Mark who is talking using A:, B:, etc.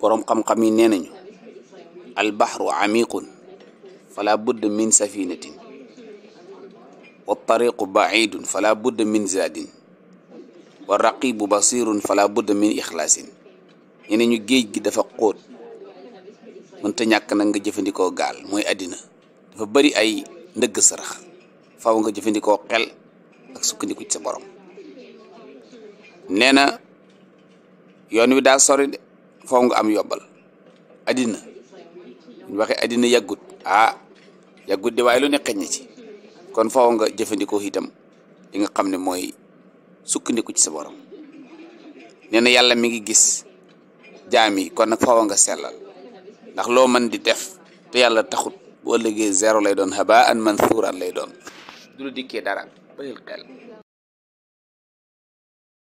A: boroom xam-xam yi nee nañu albaxru amiqun fala budda min safinatin wa tariqu baidun fala budda min zadin wa raqibu basirun fala budda min ixlaasin nee nañu géej gi dafa xóot mënta ñàkk nag nga jëfandikoo gaal mooy àddina dafa bari ay ndëgg sarax faw nga jëfandikoo xel ak sukkandiku ci sa borom nee na yoon wi daa sori de faw nga am yobbal addina ñu waxee addina yàggut ah yàggut de waaye lu ne xeñ ci kon faw nga jëfandikoo itam li nga xam ne mooy sukkandiku ci sa borom nee yàlla mi ngi gis jaam yi kon nag faw nga sellal ndax loo mën di def te yàlla taxut
B: boo ëllëgee zéro lay doon xabaa an mansuuran lay doon du la dikkee dara
C: bayil xel